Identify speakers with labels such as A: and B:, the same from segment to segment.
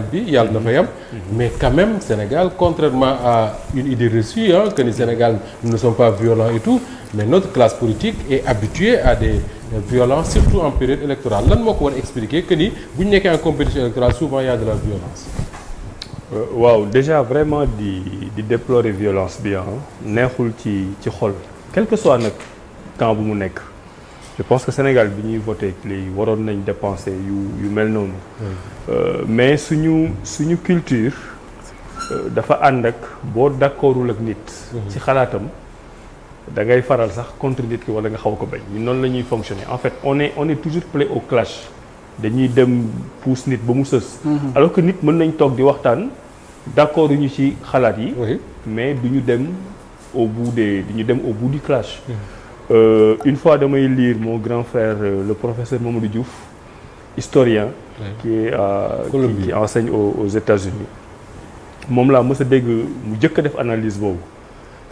A: bi yàlla na fa yam mhm. mais quand même Sénégal contrairement à une idée reçue hein Sénégal nous ne sommes pas violents et mais notre classe politique est habituée à des violences surtout en période électorale lan moo ko war a expliquer que ni bu nekkee en compétition électorale souvent il de la violence
B: euh, waaw déjà vraiment di di déplorer violence bi neexul ci ci xol quel que soit nag camp bu mu nekk je pense que Sénégal bi ñuy voté léegi waroon nañ dépensé yu yu mel noonu. Euh, mais suñu suñu culture euh, dafa ànd ak boo d'accordul ak nit. Mhm. ci xalaatam dangay faral sax contre nit ki wala nga xaw ko bañ noonu la ñuy fonctionner en fait on est on est toujours prêt au clash dañuy dem puus nit ba mu sës. Mhm. alors que nit mën nañ toog di waxtaan d'accord ñu ci xalaat yi. mais du ñu dem au bout des ñu dem au bout clash. Mhm. Euh, une fois damay liir moo grand frère euh, le professeur moom Diouf historien oui. qui est à, qui, qui enseigne aux, aux États-Unis moom laa mës a dégg mu jëkk a def analyse boobu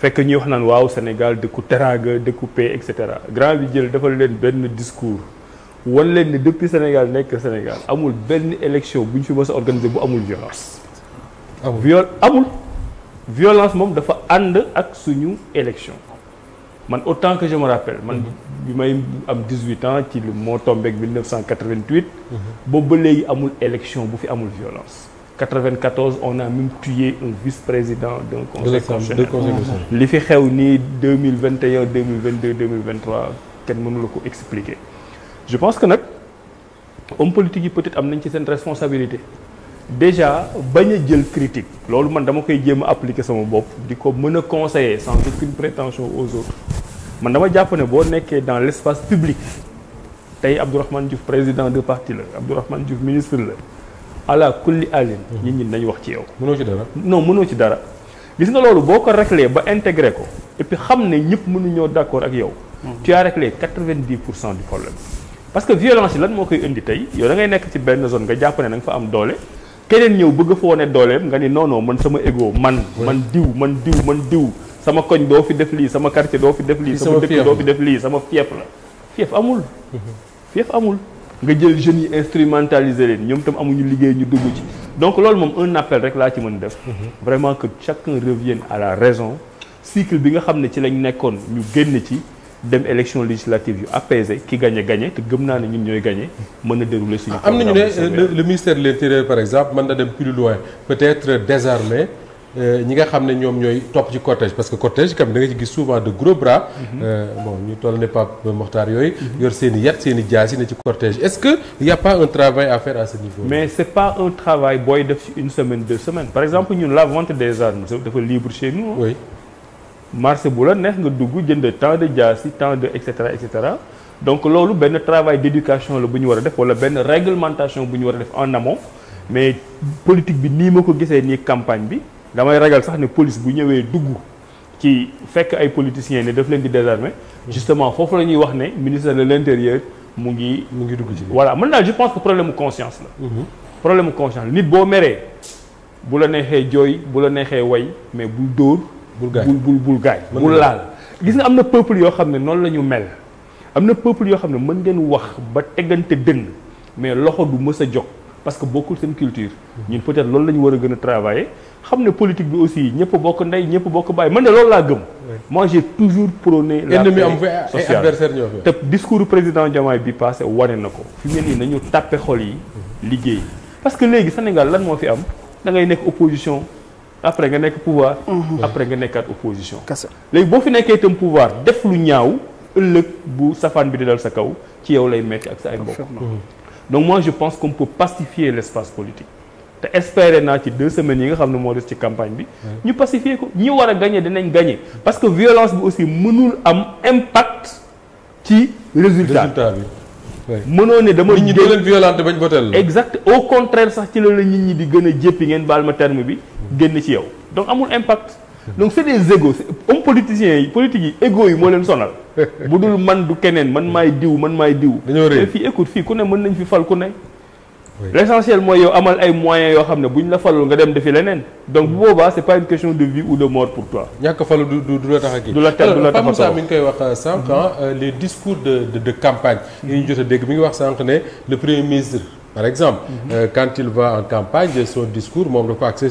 B: fekk ñuy wax naan waaw Sénégal dëkku teraanga dëkku paix et cetera grand bi jël defal leen benn discours wan leen ni depuis Sénégal nekk Sénégal amul benn élection bu ñu fi mës a bu amul violence amul amul violence moom dafa ànd ak suñu élection man autant que je me rappelle man mhm. bi may am 18 ans ci moo tombeek 1988 mhm. boobu ba léegi amul élection bu fi amul violence 94 on a même tué un vice-président d'un conseil constitutionnel li fi xew nii 2021 2022 2023 kenn mënu la ko expliquer je pense que nag homme politique yi peut-être am nañ ci seen responsabilité déjà bañ a jël critique loolu man dama koy jéem a appliquer sama bopp di ko mën a conseiller sans aucune prétention aux autres man dama jàpp ne boo nekkee dans l' espace public tey Abdourahmane Diouf président de parti la Abdourahmane Diouf ministre la ala kulli alin mhm. nit ñi nañ wax ci yow. mënoo ci dara non mënoo ci dara. gis nga loolu boo ko réglé ba intégré ko et xam ne ñëpp mënuñoo d' accord ak yow. Mhm. tu as réglé quatre vingt pour cent du problème. parce que violence yi lan moo koy indi tey yow da ngay nekk ci benn zone nga jàpp ne fa am doole. keneen ñëw bëgg fa wane dooleem nga ni noonoo man sama égoo man. man diw man diw man diw. sama koñ doo fi def lii sama quartier doo fi def lii sama dëkk doo fi def lii sama fief la fief amul mhm. fief amul nga jël jeunes yi instrumentaliser leen ñoom tam amuñu liggéey ñu dugg ci donc loolu moom un appel rek laa ci mën def mhm. vraiment que chacun revienne à la raison cycle bi nga xam ne ci lañ nekkoon ñu génn ci dem élection législative yu apaisé ki gagné gagné
A: te gëm naa ne ñun ñooy gagné mën a dérouler suñu ah, am nañu ne euh, le ministère de l'intérieur par exemple mën na dem plus loin peut-être désarmé Euh, ñi nga xam ne ñoom ñooy topp ci cortège parce que cortège kam da nga ci gis souvent de gros bras. Mhm. Euh, bon ñu toll ne Pape Mokhtar yooyu. Mhm. yor seen i yat seen i jaas yi ne ci cortège est-ce que y a pas un travail à faire à ce niveau. mais c'est pas un travail booy
B: def ci une semaine deux semaines par exemple ñun la vente des armes dafa libre bu la neex nga dugg jënd tant de jaas yi tant de et cetera et cetera donc loolu benn travail d'éducation la bu ñu war a def wala benn réglementation bu ñu war a def en amont mais politique bi nii ma ko gisee nii campagne bi. damay ragal sax ne police bu ñëwee dugg ci fekk ay politiciens ne daf leen di désarmer justement foofu la ñuy wax ne ministre de l' mu ngi. mu ngi dugg ci voilà mën naa je pense que problème mu conscience la. Mhm. problème mu conscience nit boo meree bu la neexee jooy bu la neexee way mais bul dóor. bul gaañ bul bul gaañ bul laal gis nga am na peuple yoo xam ne noonu la ñu mel. am na peuple yoo xam ne mën ngeen wax ba teggante dënn mais loxo du mës a jóg. parce que bokkul seen culture. ñun peut-être loolu la ñu war a gën a travailler xam ne politique bi aussi ñëpp bokk ndey ñëpp bokk bàyyi man de loolu laa gëm. moi j'ai toujours prôné. la paix sociale te discours président Diomaye bi passé wane na ko. fi mu ne nii nañu tàppe xol yi mhm. liggéey parce que léegi Sénégal lan moo fi am dangay nekk opposition après nga nekk pouvoir. Mhm. après nga nekkaat opposition. léegi boo fi nekkee itam pouvoir def lu ñaaw ëllëg bu safaan bi di dal sa kaw ci yow lay metti ak sa ay mbokk. donc moi je pense qu'on peut pacifier l'espace politique te espérer naa ci deux semaines yi nga xam ne moo des ci campagne bi ñu pacifier ko ñi war a gagner dinañ gagner parce que violence bi aussi mënul am impact ci résultat bi mënoo ne dama. nit ñi di leen violente bañ boteel la. exact au contraire sax ci la la nit ñi di gën a jéppi ngeen baal ma terme bi génn ci yow donc amul impact. donc c'est des égos homme politiciens yi politique yi égos yi moo leen sonal bu dul man du keneen man maay diw man maay diw mais fii écoute fii ku ne mën nañ fi fal ku ne l'essentiel mooy yow amal ay moyens yoo xam ne bu ñu la falul nga dem defi leneen donc booba boobaa c'est pas une question de vie ou de mort pour toi ñàkk falu du la tax a kii du la tax du la tax a Moussa mi
A: ngi koy wax euh, sànq ah, mhm. euh, les discours de de, de campagne yi ñu jot a dégg mi ngi wax sànq ne le premier exemple mhm. euh, quand il va en campagne son ko axé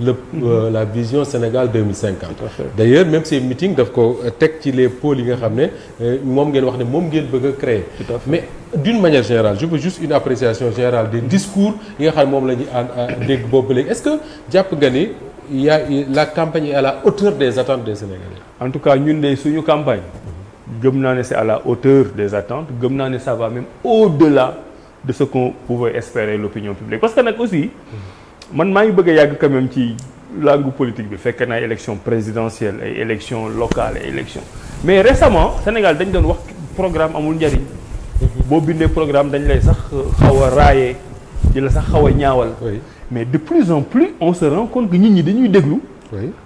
A: le euh, la vision Sénégal 2050 d'ailleurs même ces meetings daf ko euh, teg ci les pôles yi nga xam ne euh, moom ngeen wax ne moom ngeen bëgg a créer mais d'une manière générale je veux juste une appréciation générale des discours yi nga xam ne moom la ñuy ànd euh, dégg boobu léegi est-ce que jàpp nga ni yaa la campagne est à la hauteur des attentes des Sénégalais en tout cas ñun de suñu campagne gëm naa ne c'est à la hauteur des attentes gëm naa ne
B: sa va même au-delà de ce qu'on pouvait espérer l'opinion publique parce que nag aussi man maa ngi bëgg yàgg quand même ci langue politique bi fekk naa élection présidentielle ay élection locale ay élection mais récemment Sénégal dañu doon wax programme amul njariñ mhm. boo bindee programme dañu lay sax xaw a raayee di la sax xaw a ñaawal mais de plus en plus on se rend compte que nit ñi dañuy déglu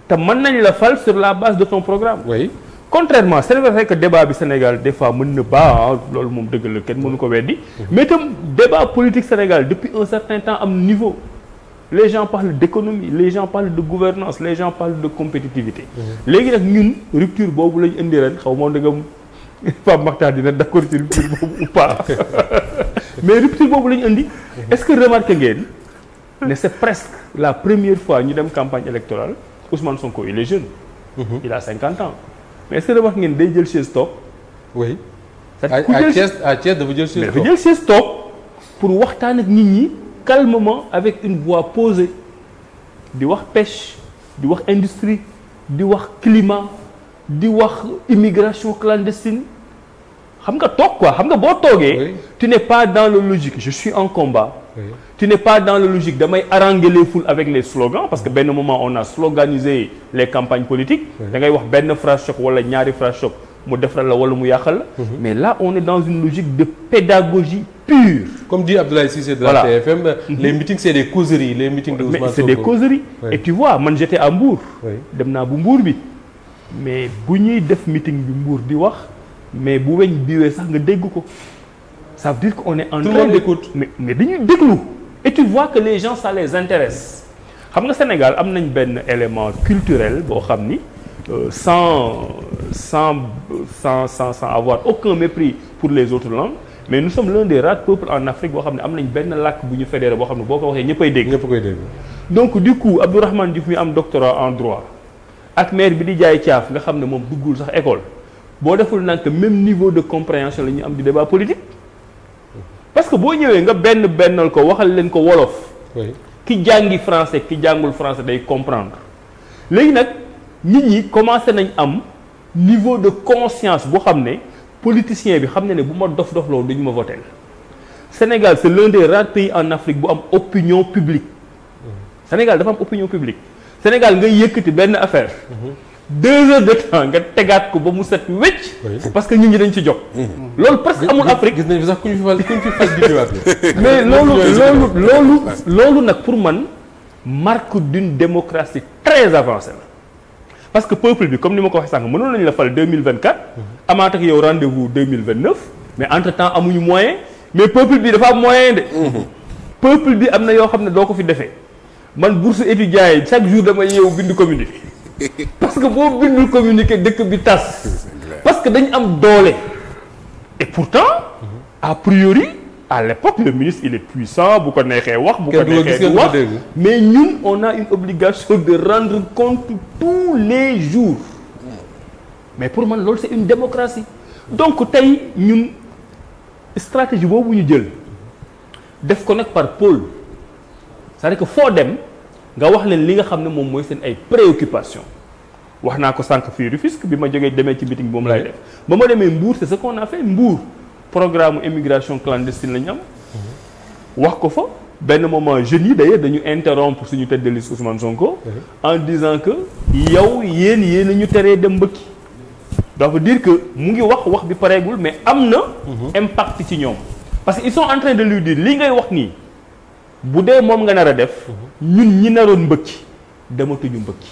B: te mën nañ la fal sur la base de ton programme oui. contrairement c'est que débat bi Sénégal des fois mën na baax loolu moom dëgg la kenn mënu ko weddi mhm. mais itam débat politique Sénégal depuis un certain temps am niveau les gens parlent d'économie les gens parlent de gouvernance les gens parlent de compétitivité léegi nag ñun rupture boobu lañu indi ren xaw moo ndëgam Pape Makhtar dina d'accord ci rupture boobu ou pas mais rupture boobu lañu indi est-ce que remarqué ngeen ne c'est presque la première fois ñu dem campagne électorale Ousmane Sonko il est jeune mhm. il a cinquante ans mais est-ce que remarqué ngeen day jël chaise toog oui à Thiès dafa jël chaise toog pour waxtaan ak nit ñi calmement avec une voix posée di wax pêche di wax industrie di wax climat di wax immigration clandestine xam nga toog quoi xam nga boo toogee tu n'es pas dans la logique je suis en combat oui. tu pas dans la logique damay haranguer les foules avec les slogans parce que benn moment on a sloganisé les campagnes politiques da ngay wax benn phrase choc wala ñaari phrase choc mu def defaral la wala mu yàqal la mhm. mais là on est dans une logique de pédagogie pure
A: comme dit Abdoulaye Cissé de la TFM mhm. les meetings c'est des causeries les meetings de Ousmane Sonko c'est des causeries et
B: tu vois man j'étais à Mbour dem naa bu Mbour bi mais bu ñuy def meeting bi mbuur di wax mais bu weñ biwee sax nga dégg ko ça veut dire qu'on est en train d'écoute mais mais dañuy déglu et tu que les gens ça les intéresse xam nga Sénégal am nañ benn élément culturel boo xam ni euh, sans sans sans sans sans avoir aucun mépris pour les autres langues mais nous sommes l'un des rares peuples en Afrique boo xam ne am nañ benn làkk bu ñu fédéré boo xam ne boo ko waxee ñëppay dégg. ñëppay dégg donc du coup Abdourahmane Diouf mi am doctorat en droit ak maire bi di jaay caaf nga xam ne moom duggul sax école boo deful nank même niveau de compréhension la ñu am du débat politique. parce que boo ñëwee nga benn bennal ko waxal leen ko wolof. ki jàngi français ki jàngul français day comprendre léegi nag nit ñi commencé nañ am. niveau de conscience boo xam ne politicien bi xam ne ne bu ma dof dof loolu duñu ma voter Sénégal c'est l'un des rares pays en Afrique bu am opinion publique Sénégal dafa am opinion publique Sénégal ngay yëkkati benn affaire deux heures de temps nga tegaat ko ba mu set wécc. parce que ñu ñi dañ ci jóg. Mm-hmm. loolu presque amul Afrique gis nañu sax ku mais loolu loolu loolu loolu nag pour man marque d'une démocratie très avancée parce que peuple bi comme ni ma ko waxee sànq mënoon nañu la fal 2024. Mhm. amaat ak yow rendez-vous mais entre temps amuñu moyen mais peuple bi dafa am moyen de. Mhm. peuple bi am na yoo xam ne doo ko fi defee man bourse étudiant yi chaque jour dama yeewu bind communiqué parce que boo bindul communiqué dëkk bi tas. parce que dañu am doole. et pourtant mhm. a priori. à l'époque le ministre il est puissant bu ko neexee wax bu ko neexee wax mais ñun on a une obligation de rendre compte tous les jours mais pour man loolu c'est une démocratie donc tey ñun stratégie boobu ñu jël def ko nag par pôle cest à que foo dem nga wax leen li nga xam ne moom mooy seen ay préoccupation wax naa ko sànq fii Rufisque bi ma jógee demee ci meeting bi moom laay def ba ma demee mbuur c'est ce qu'on a fait Mbour programme immigration clandestine la ñu am. wax ko fa benn moment jeunes yi d'ailleurs dañu interrompre suñu tête de liste Ousmane Sonko. en dix disant que yow yéen yéen a ñu teree dem mbëkki. donc veut dire que mu ngi wax wax bi pareegul mais am na. Mhm. impact ci ñoom. parce que ils sont de lu dire li ngay wax nii bu dee moom nga nar a def. Mhm. ñun ñi naroon mbëkki dematuñu mbëkki.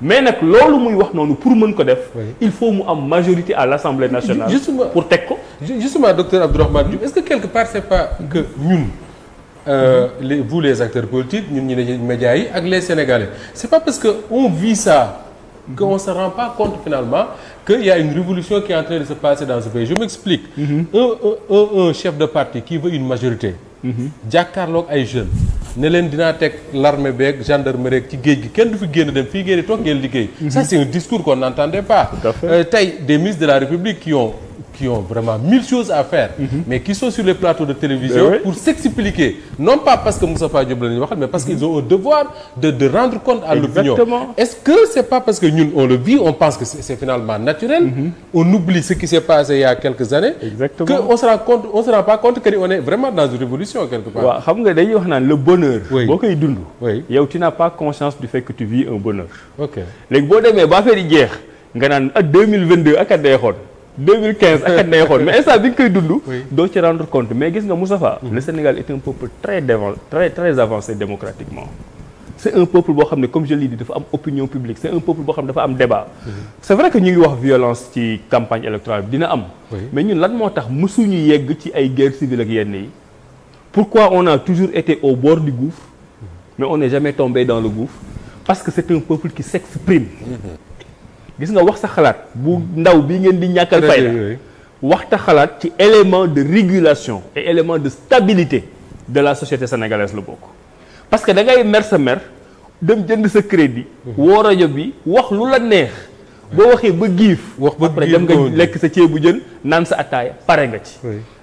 B: mais nag loolu muy wax noonu pour mën ko
A: def. il faut mu am majorité à l'Assemblée nationale. justement pour teg ko. justement docteur Abdourahmane Diouf est-ce que quelque part c'est pas que ñun. Euh, mm-hmm. les vous les acteurs politiques ñun ñu ne médias yi ak les sénégalais c'est pas parce que on vit ça. que on se rend pas compte finalement que y a une révolution qui est en train de se passer dans ce pays je m'explique. Mm-hmm. un, un un chef de parti qui veut une majorité. Mm-hmm. jàkkaarloog ay jeunes. ne leen dinaa teg l'armée beeg gendarmerie ci géej gi kenn du fi génn dem fii ngeen di toog liggéey ça c'est un discours qu'on n'entendait pas euh, tey des ministres de la République qui ont qui ont vraiment mille choses à faire. Mhm. mais qui sont sur les plateaux de télévision. Eh pour s'expliquer non pas parce que Moustapha Diop la ñuy waxal mais parce qu'ils ont un devoir de rendre compte à l'opinion est-ce que c'est pas parce que ñun on le vit on pense que c'est finalement naturel. Mm -hmm. on oublie ce qui s'est passé il a quelques années. que on se rend pas compte que on est vraiment dans une révolution quelque part. waaw
B: xam nga dañuy wax naan le bonheur. boo 2015 ak at neexoon mais instant bi nga koy dund. doo ci rendre compte mais gis nga Moustapha. Mm. le Sénégal est un peuple très dévan très très démocratiquement. c' est peuple boo xam ne comme je l'ai dit dafa am opinion publique c' est un peuple boo xam ne dafa am débat. Mm-hmm. c' est vrai que ñu ngi wax violence ci campagne électorale bi dina am. mais ñun lan moo tax mësuñu yegg ci ay guerre civile ak yenn yi. pourquoi on a toujours été au bord du gouffre mm-hmm. mais on n'est jamais parce que c'est un peuple gis nga wax sa xalaat bu ndaw bi ngeen di ñàkkal fay la waxta xalaat ci élément de régulation et élément de stabilité de la société sénégalaise la bokk parce que da ngay mer sa mer dem jënd sa crédit mhm. woo rajo bi wax lu la neex boo waxee ba giif wax ba après dem nga lekk sa ceebu jën naan sa attaaya pare nga ci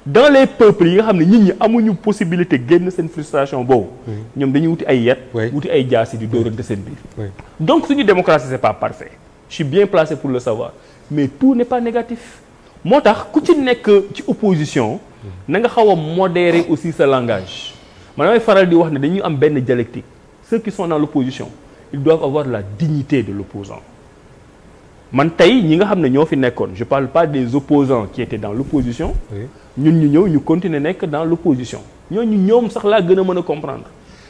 B: dans les peuples yi nga xam ne ñit ñi amuñu possibilité génn seen frustration boobu ñoom dañuy wuti ay yet wuti ay jaasi di dóorante seen biir donc suñu démocratie c'est pas parfait je suis bien placé pour le savoir mais tout n'est pas négatif moo tax ku ci nekk ci opposition na nga xaw a modérer aussi sa langage man damay faral di wax ne dañuy am benn dialectique ceux qui sont dans l'opposition ils doivent avoir la dignité de l'opposant man tey ñi nga xam ne ñoo fi nekkoon je parle pas des opposants qui étaient dans l'opposition ñun ñu ñëw ñu continuer nekk dans l'opposition ñooñu ñoom sax laa gën a mën a comprendre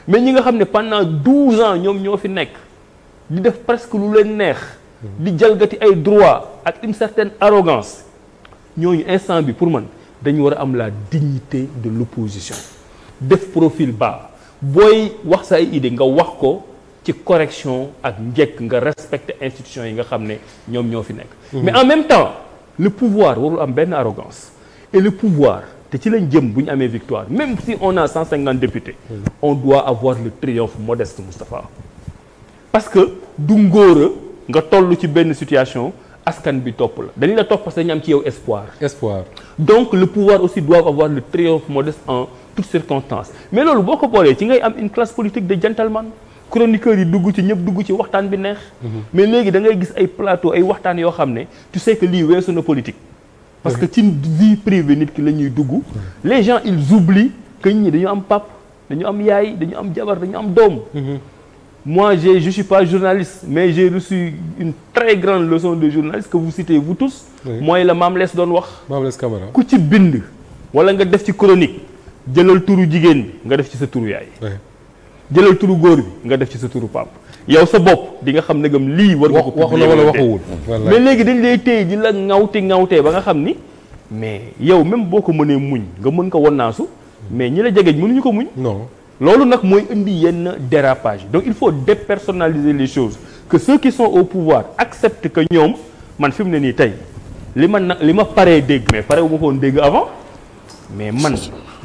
B: mais ñi nga xam ne pendant douze ans ñoom ñoo fi nekk di def presque lu leen neex di jalgati ay droit ak une certaine arrogance ñooñu instant bi pour man dañu war a am la dignité de l'opposition def profil bas booy wax sa ay idée nga wax ko ci correction ak njëkk nga respecter institution yi nga xam ne ñoom ñoo fi nekk mmh. mais en même temps le pouvoir warul am benn arrogance et le pouvoir te ci lañ jëm bu ñu amee victoire même si on a 150 députés mmh. on doit avoir le triomphe modeste Moustapha parce que du ngóora nga toll ci benn situation askan bi topp la dañ la topp parce que dañu am ci yow espoir. espoir donc le pouvoir aussi doit avoir le triomphe modeste en toutes circonstances mais loolu boo ko boolee ci ngay am une classe politique de gentleman chroniqueurs yi dugg ci ñëpp dugg ci waxtaan bi neex. Mhm. mais léegi da ngay gis ay plateau ay waxtaan yoo xam ne tu sais que lii weesu na politique. parce que ci vie privée nit ki la ñuy dugg. les gens ils oublient que ñi am pap dañu am yaay dañu am jabar dañu am doom. Mhm. mois j'ai je suis pas journaliste mais j'ai reçu une très grande leçon de journaliste que vous citez vous tous mooy la Mame Less doon wax Mame Less Camara ku ci bind wala nga def ci chronique jëlal turu jigéen bi nga def ci sa turu yaay jëlal turu góor bi nga def ci sa turu pap yow sa bopp di nga xam ne gam lii war nga ko wax na wala waxawul mais léegi dañ lay téye di la ŋawte ŋawtee ba nga xam ni mais yow même boo ko mënee muñ nga mën ko wannaasu mais ñi la jegee mënuñu ko muñ non loolu nag mooy indi yenn dérapage donc il faut dépersonnaliser les choses que ceux qui sont au pouvoir acceptent que ñoom man fi mu ne nii tey li ma nag li ma paree dégg mais pare wu ma koon dégg avant mais man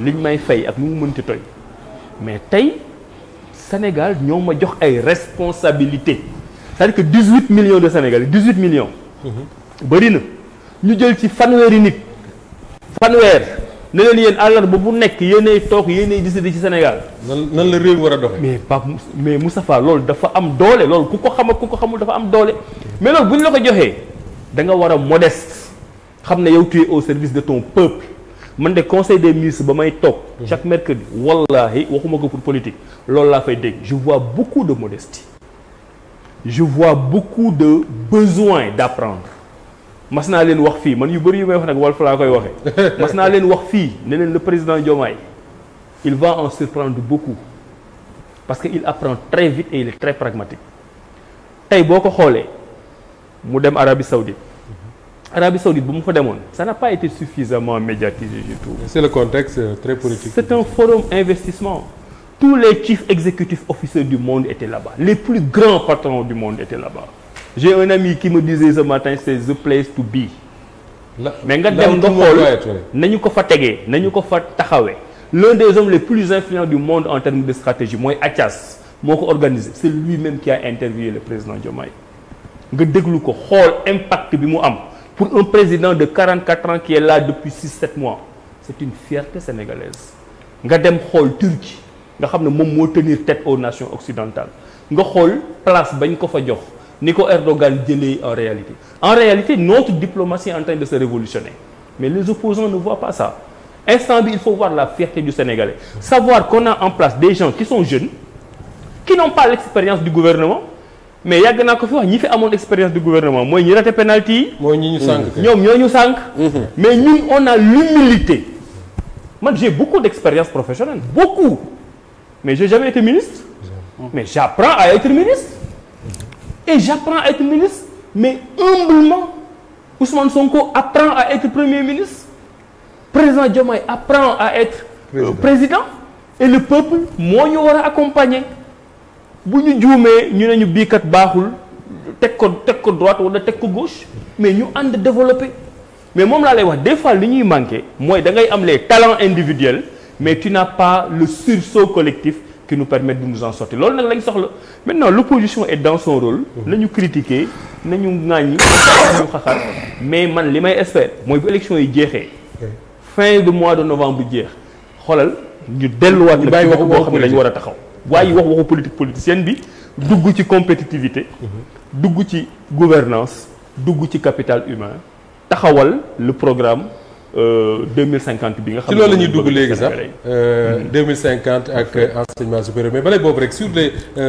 B: liñ may fay ak mu mu mënti toy mais tey Sénégal ñoo ma jox ay responsabilité cest dire que dix huit millions de sénégal dix huit millions mhm. bëri na ñu jël ci fanweeri nit fanweer ne leen yéen àllarba bu nekk yéenay toog yéenay décidé ci Sénégal. nan la réew war a doxee. mais Pape mais Moustapha loolu dafa am doole lool ku ko xam ak ku ko xamul dafa am doole mais loolu bu ñu la ko joxee da nga war a modeste xam ne yow tu au service de ton peuple man de conseil des ministres ba may toog. chaque mercredi wallahi waxuma ko pour politique loolu laa fay dégg je vois beaucoup de modestie je vois beaucoup de besoin d'apprendre. mas naa leen wax fii man yu bëri yu may wax nag Walf laa koy waxee mas naa leen wax fii ne leen le président Diomaye il va en surprendre beaucoup parce que il apprend très vite et il est très pragmatique tey boo ko xoolee mu dem Arabie Saoudite Arabie Saoudite bu mu ko demoon ça n'a pas été suffisamment médiatisé du tout c'est un forum investissement tous les chiefs exécutifs officiers du monde étaient là-bas les plus grands patrons du monde étaient là-bas j'ai un ami qui me disait ce matin c'est the place to be mais nga dem nga xool nañu ko fa tegee nañu ko fa taxawee l'un des hommes les plus influents du monde en termes de stratégie mooy Athias moo ko organisé c'est lui-même qui a interviewé le président Diomaye nga déglu ko xool impact bi mu am pour un président de 44 ans qui est la depuis 6 7 mois c'est une fierté sénégalaise nga dem xool Turquie nga xam ne moom moo tenir tête aux nation occidentales nga xool place bañ ko fa jox ni ko Erdogan jëlee en réalité en réalité notre diplomatie est en train de se révolutionner mais les opposants ne voient pas ça instant bi il faut voir la fierté du Sénégalais savoir qu'on a en place des gens qui sont jeunes qui n'ont pas l'expérience du gouvernement mais yàgg naa ko fi wax ñi fi amoon expérience du gouvernement mooy ñi raté pénalti yi
A: mooy ñi ñu sànq
B: ñoom ñoo ñu sànq mm-hmm. mais ñun on a l'humilité man j'ai beaucoup d'expérience professionnelle beaucoup mais j'ai jamais été ministre mais j'apprends à Et j'apprends à être ministre, mais humblement, Ousmane Sonko apprend à être Premier ministre. Président Diomaye apprend à être président. président et le peuple moo ñu war a accompagner bu ñu juumee ñu ne ñu bii baaxul teg ko teg ko droite wala teg ko gauche mais ñu ànd développer mais moom laa lay wax des fois li ñuy manqué mooy dangay am les talents individuels mais tu n'as pas le sursaut collectif ki nous permettent de nous en sortir loolu nag lañ soxla maintenant l'opposition est dans son rôle mhm. nañu critiquer nañu ŋàññi ñu xaxar mais man li may espère mooy bu élection yi jeexee fin de mois de novembre jeex xoolal ñu delluwaat nag ci boo xam ne lañu war a taxaw waaye wax waxu politique politicienne bi dugg ci compétitivité mhm. dugg ci gouvernance dugg ci capital humain taxawal lu programme Euh, deux mille cinquante bi nga xam ne ci loolu la ñuy dugg léegi sax euh, deux mille cinquante ak enseignement supérieur mais bale boobu rek sur les. Euh,